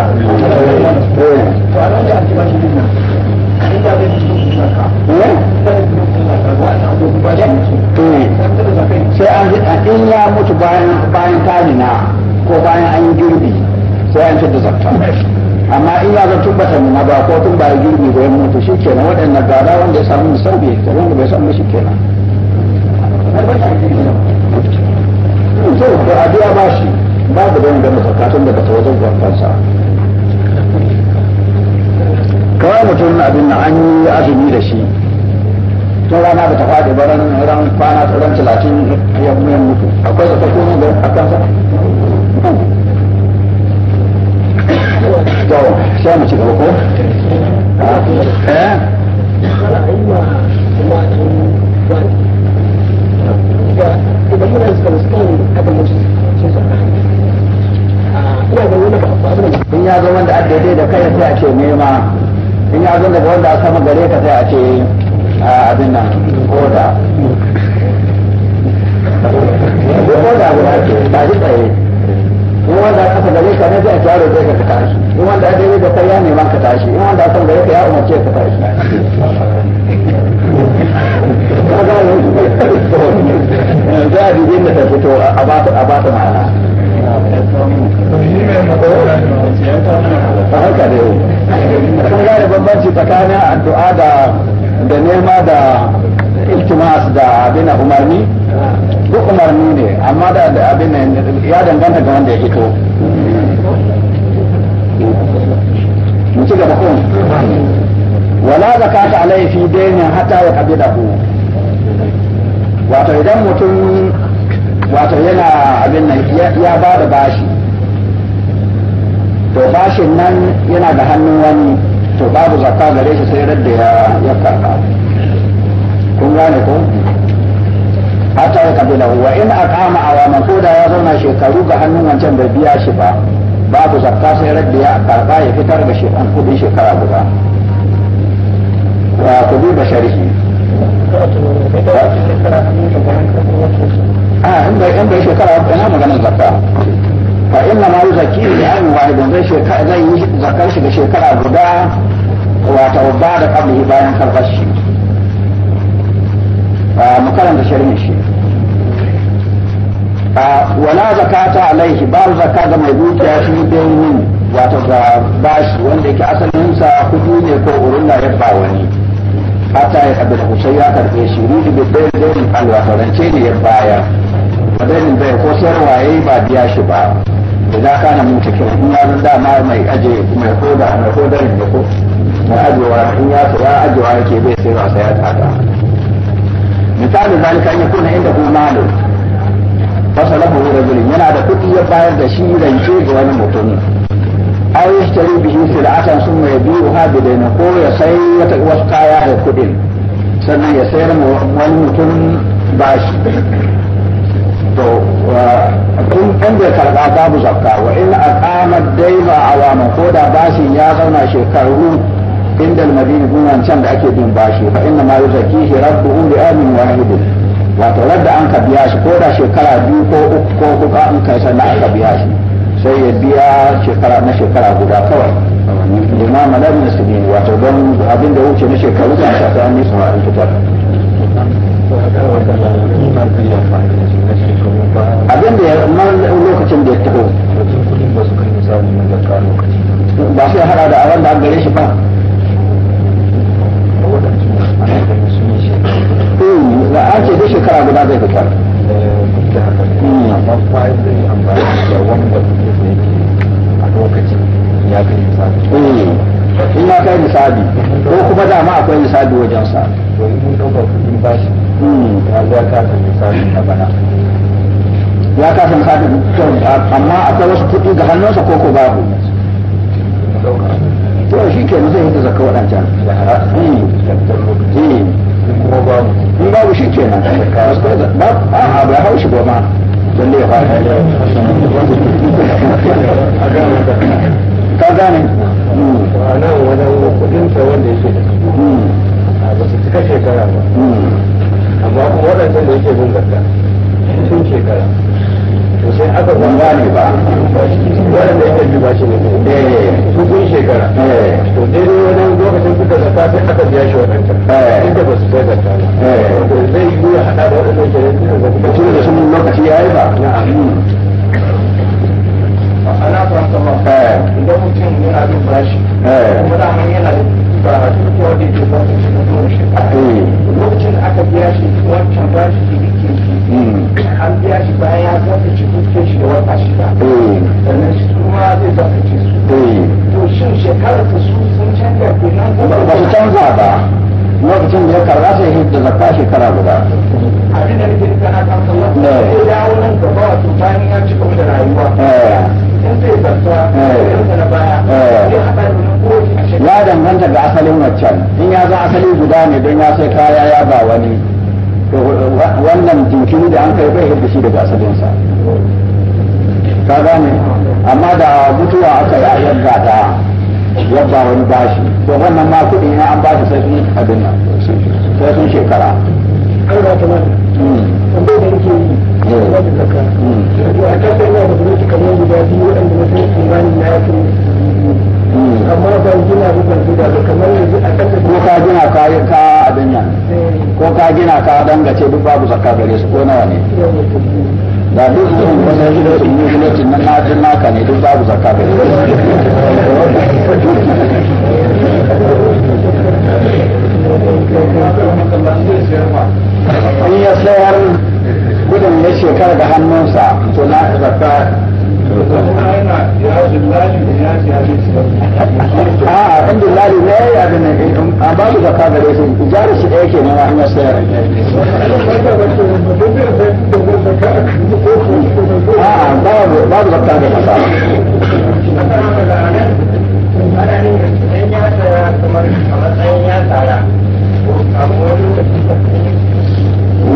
eh. Eh? Eh? sai an in ya mutu bayan bayan tarina ko bayan an yi girbi sai an da zakka amma in ya zartu bata nuna ba ko tun ba girbi ba ya mutu shi kenan waɗannan gada wanda ya samu misali da wanda bai samu shi kenan zai hmm, ko a biya ba shi babu da wanda zakka tun da bata wajen kawai mutum abin na an yi azumi da shi tun rana da ta faɗi baran ran kwana tsoron talatin ya mutu akwai da tafi da a kansa to sai mu ci gaba ko eh ya zo wanda a daidai da kayan sai a ce nema in ya zo daga wanda sama gare ka sai a ce a abin nan koda koda guda ce ba shi tsaye in wanda kasa gare ka ne zai kyaro zai ka tashi in wanda ya daidai da kai ya neman ka tashi in wanda sama gare ka ya umarce ka tashi za [laughs] a dubin da ta fito a ba ta ma'ana a haka da kun gane bambanci tsakanin addu'a da da nema da iltimas da abin umarni duk umarni ne amma da abin ya danganta ga wanda ya fito mu ci gaba kun wala zakata alaihi fi dainin hatta ya wato idan mutum wato yana abin nan ya ba da bashi to bashin nan yana da hannun wani to babu zakka gare shi sai radda ya karba kun gane ko hata ya kabila wa in aqama awaman ko da ya zauna shekaru ga hannun wancan bai biya shi ba babu zakka sai radda ya karba ya fitar da shi an kudin shekara guda wa kudi ba sharhi a ah, in bai in bai shekara ina maganar zakka yi zakar shi da shekara guda wato ba da kabli bayan karbar shi mu karanta shirin shi wala zakata alaihi babu zakka ga mai dukiya shi bayin wato ga bashi wanda yake asalin sa kudi ne ko urulla ya ba wani hatta ya kabi da kusa ya karfe shi rufi da bai dai alwatarance ne ya bayar madalin bai ko sayarwa yayi ba biya shi ba ka kana mutu kyau in ya dama mai aje mai koda mai koda ne ko mai ajewa in ya tsaya ajewa yake bai sai ba sai ya tata misalin zalika an kuna inda ku malu fasalahu rajulin yana da kuɗi ya bayar da shi rance ga wani mutum ai yashtari bihi sil'atan summa yabi'uha daina ko ya sai wata wasu kaya da kudin sannan ya sayar ma wani mutum bashi to kun ɗan da karɓa babu zakka wa in aqama a awama ko da bashin ya zauna shekaru inda almadini gun wancan da ake bin bashi fa inna ma yuzakkihi rabbuhu bi amin wahidin wato radda an ka biya shi ko da shekara biyu ko uku ko kuka an kai sannan aka biya shi sai ya biya shekara na shekara guda kawai lima limama na bin sabi wato don abin da wuce na shekaru ba sa sai an yi sama an fitar abin da ya lokacin da ya taho ba sai hada da abin da an gare shi ba da eh, an ce da shekara guda zai fitar da haka da ya amfani da wanda mutum da yake a lokacin ya fi misali in ma kai misali ko kuma dama akwai misali wajen sa to in mun dauka kudin bashi ya ga ka ta misali na bana ya kasa misali amma akwai wasu kuɗi ga hannunsa ko ko babu to shi ke zai yi da zaka waɗancan hmm. Hmm. in babu shi kenan ba a'a ba ba ya fara ka gane a nan wajen kudin sa wanda yake da ba su cika shekara ba amma kuma da yake bin sun shekara sai aka kwamba ne ba wanda yake bi ba shi ne su eh, eh, eh. kun shekara to daidai wani lokacin suka zata sai aka biya shi wadanta inda ba su sai zata ba zai yi haɗa da waɗannan shekaru da su lokaci ya yi ba ana fata ma idan mutum yana bin bashi eh. kuma da hanyar yana ba a duk wanda ke ba shi da zuwa shekara eh. lokacin da aka biya shi wancan shi da yake shi hmm. an biya shi bayan ya zaka ci dukkan shi da wata shida eh. sannan shi kuma zai ka ci su to shin shekarar su sun canza ko nan ko ba su canza ba lokacin da ya karba sai hidda zakka shekara guda abin da nake kana kan sallah ne ya dawo nan gaba wato bayan ya ci gaba da rayuwa ya danganta da asalin waccan in ya za asali guda ne don ya sai kaya ya ba wani wannan jinkiri da an kai bai da shi daga asalinsa ka gane amma da mutuwa aka yi a yadda ta yabba wani bashi to wannan ma kuɗi ne an bashi sai sun abin sai sun shekara an ga ta mana tambayar da nake yi ba ta saka a kasar yana da gwamnati kamar guda biyu waɗanda mutum imani na ya kuma amma ban gina ba ban gina ba kamar yanzu a kasar ko ka gina ka ka abin nan eh. ko ka gina ka dangace duk babu zakka gare su ko nawa ne da duk irin wannan da su yi gwamnatin nan najin naka ne duk babu zakka gare su in ya sayar gudun ya shekara da hannunsa to na zakka a'a in billahi ne ya abin nan a ba su zakka gare su ijara shi ɗaya ke nan an ya sayar a'a babu babu zakka da kasa kamar a matsayin ya tsara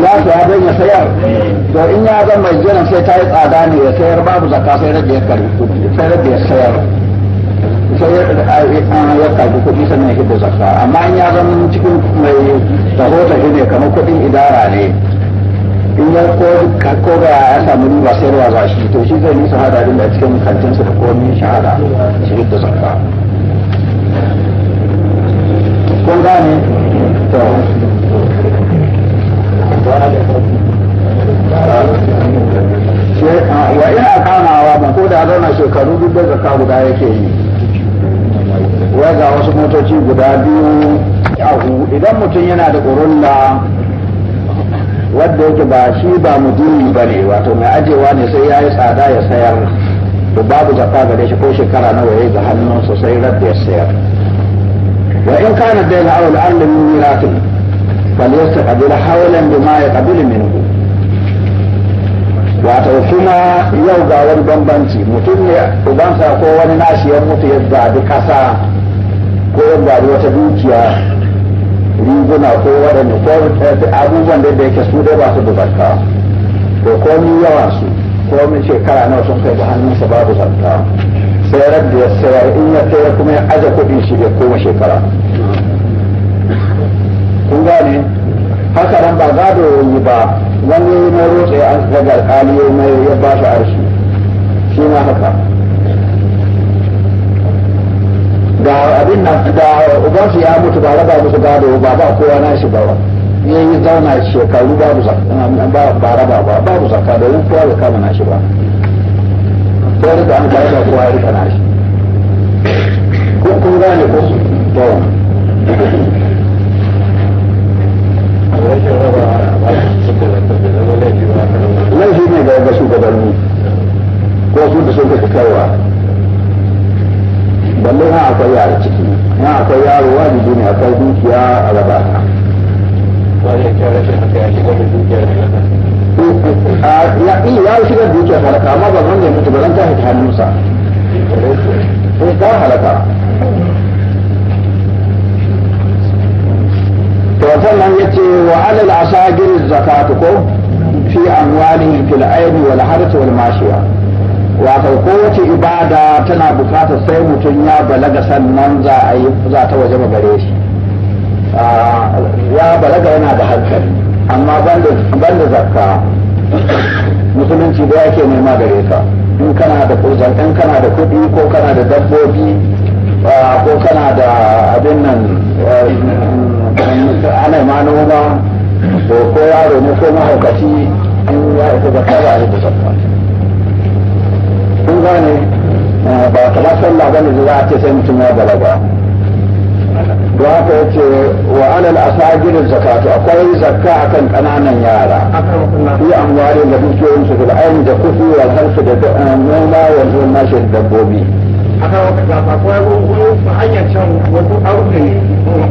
ya saya ya bayyana sayar to in ya zama mai jiran sai ta yi tsada ne ya sayar babu zakka sai rage ya karbi kuɗi sai rage ya sayar sai ya da ya karbi kuɗi sannan ya hidda zakka amma in ya zama cikin mai taho ta ne kamar kuɗin idara ne in ya ko ko ga ya samu riba ruwa ba shi to shi zai nisa hada da cikin kantinsa da komai shahada shi hidda zakka kun gane to wa ina kamawa ban ko da zauna shekaru duk da zaka guda yake yi wai ga wasu motoci guda biyu yahu idan mutum yana da ƙurulla wadda yake ba shi ba mudiri ba ne wato mai ajewa ne sai ya yi tsada ya sayar to babu zakka gare shi ko shekara nawa ya yi ga hannunsa sai rabbi ya sayar wa in kana da yana awal alim miratin falyastaqbil hawlan بما يقبل منه wato kuma yau ga wani bambanci mutum ne ubansa ko wani nashi ya mutu ya zabi kasa ko ya zabi wata dukiya riguna ko waɗanda ko abubuwan da yake su dai ba su da zakka ko komi yawa su komi shekara nawa sun kai da hannunsa babu zakka sai rabbi ya sayar in ya sayar kuma ya aje kuɗin shi bai koma shekara kun gane haka nan ba gado yi ba wani na rotse an daga alƙali mai ya ba shi arshi shi na haka ga abin nan da uban su ya mutu ba raba musu gado ba ba kowa na shi ba ya yi zauna shekaru babu zakka ba raba ba babu zakka domin kowa bai kama na shi ba ko da an kai ba kowa rika na shi kun gane ko to nan shi ne ga shugabanni ko su da sun ka fitarwa balle na akwai yara ciki na akwai yaro wajibi ne akwai dukiya a raba ta ya shiga dukiya halaka amma ba zan da mutu ba zan ta hannunsa eh, ta halaka nan ya ce wa alal asagir zakatu ko fi amwalihim fil aini wal harth wal mashiya wato kowace ibada tana bukatar sai mutum ya balaga sannan za a yi za ta waje gare shi ah, ya balaga yana da hankali amma banda zakka musulunci da yake nema gare ka in kana da kuzan in kana da kuɗi ko kana da dabbobi ah, ko kana da abin nan ah, ana ma noma to ko yaro ne ko mahaukaci in ya isa zakka ba a yi zakka kun gane ba kamar sallah ba ne za a ce sai mutum ya balaga don haka ya ce wa alal asajirin zakatu akwai zakka akan kananan yara fi amwari da dukiyoyinsu fil ayin da kufu wal harsu da eh, noma yanzu mashi dabbobi a kawo ka gafa ko ya hanyar can wasu aure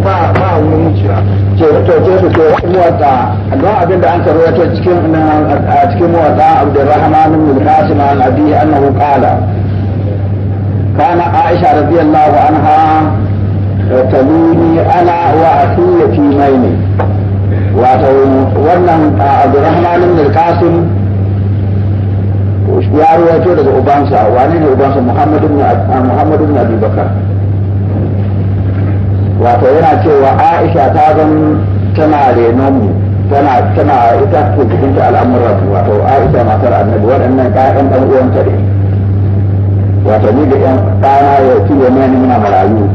ba ba wurin wucewa ce ce su ce don abin da an karo ya a cikin muwatsa abdurrahman qasim abi annahu qala kana aisha radiyallahu anha taluni ana wa wato wannan abdurrahman ibn qasim ya ruwaito daga ubansa wane ne ubansa muhammadu ah, muhammadu ibn abi bakar wato yana cewa aisha ta zan tana renon mu tana tana ita ke cikin ta al'amuran wato aisha matar annabi waɗannan ƴaƴan ɗan uwanta ne wato ni da ƴan ɗana ya kiwo mani muna marayu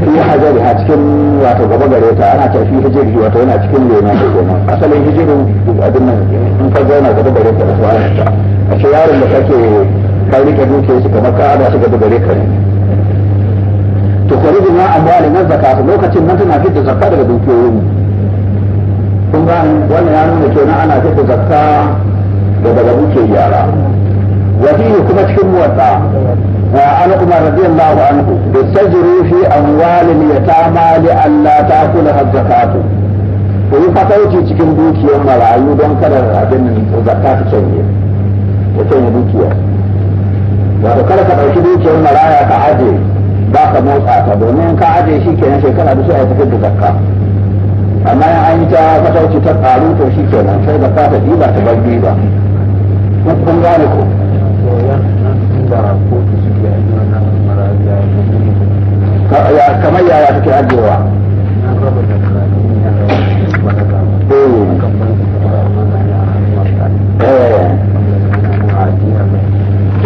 fi hajari a cikin wato gaba gare ta ana tafi hijiri wato yana cikin lema da goma asalin hijirin abin nan in ka zauna gaba gare ta da su ta a ce yaron da kake kai rike duke su kamar ka ba su ga dubare kare to kare da ma'an ba ne zakka su lokacin nan tana fitta zakka daga dukiyoyin kun ga wannan ya nuna cewa ana fitta zakka da daga duke yara wafiyu kuma cikin muwatta wa ana umar radiyallahu anhu bi tajri fi ya yatama li an la ta'kula ku. ko yi fatauci cikin dukiyar marayu don kada abin zakka ta canje ya canye dukiya wato kada ka ɗauki dukiyar maraya ka aje ba ka motsa ta domin ka aje shi kenan shekara da su a tafi da zakka amma in an yi ta fatauci ta ƙaru to shi kenan sai zakka ta ɗiba ta bar ɗiba kun gane ko kamar yaya take ajewa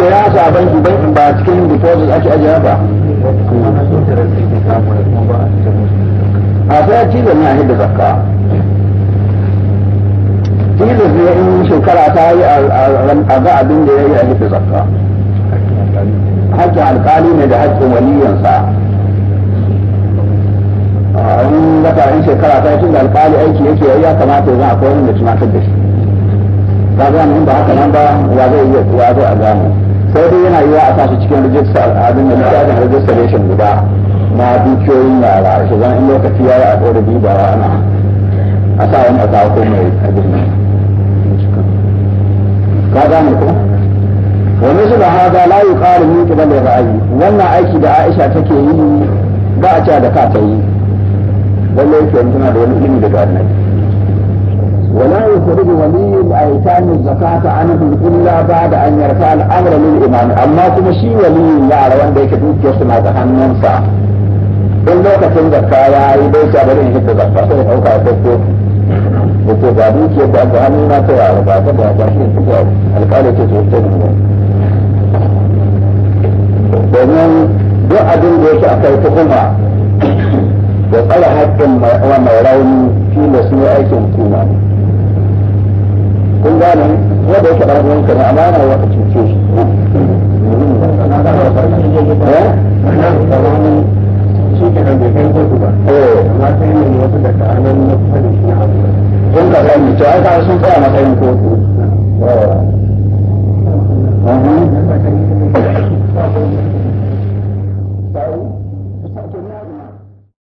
ke ya sa banki banki ba cikin deposit ake ajiya ba a sai a ne a hidda zakka tilas ne in shekara ta yi a ga abin da ya yi a hidda zakka hakkin alkali ne da hakkin waliyansa a wani zaka in shekara ta yi tun da alkali aiki yake ya kamata ya zan akwai wani da tunatar da shi ka gane in ba haka nan ba wa zai iya wa zai a gane sai dai yana yiwa a sa cikin rijistar abin da littafin registration guda na dukiyoyin yara shi zan in lokaci ya yi a ɗora biyu da rana a sa wani a ko mai abin nan ka gane ko wa mislu hada la yuqalu min qibal ra'ayi wannan aiki da Aisha take yi ba a cewa da ka ta yi lalle yake tana da wani ilimi daga annabi ولا يخرج ولي الأيتام الزكاة عنهم إلا بعد أن يرفع الأمر للإمام أما كما شي ولي لا روان ديك دوك يسمع تهنن سا إن لو كتن كايا يا إيدي سابرين هيك زكاة سيح أوكا دوك وكو بابوك يبقى الزهني ما ترى ربا تبقى باشين تجاو القالة تتوتن domin ومن abin da yake akwai tuhuma da tsara haƙƙin wa mai rauni shi kun gane kuma da yake ɗan uwanka ne amma yana yawa ka cuce shi kun ka gani to ka sun tsaya matsayin kotu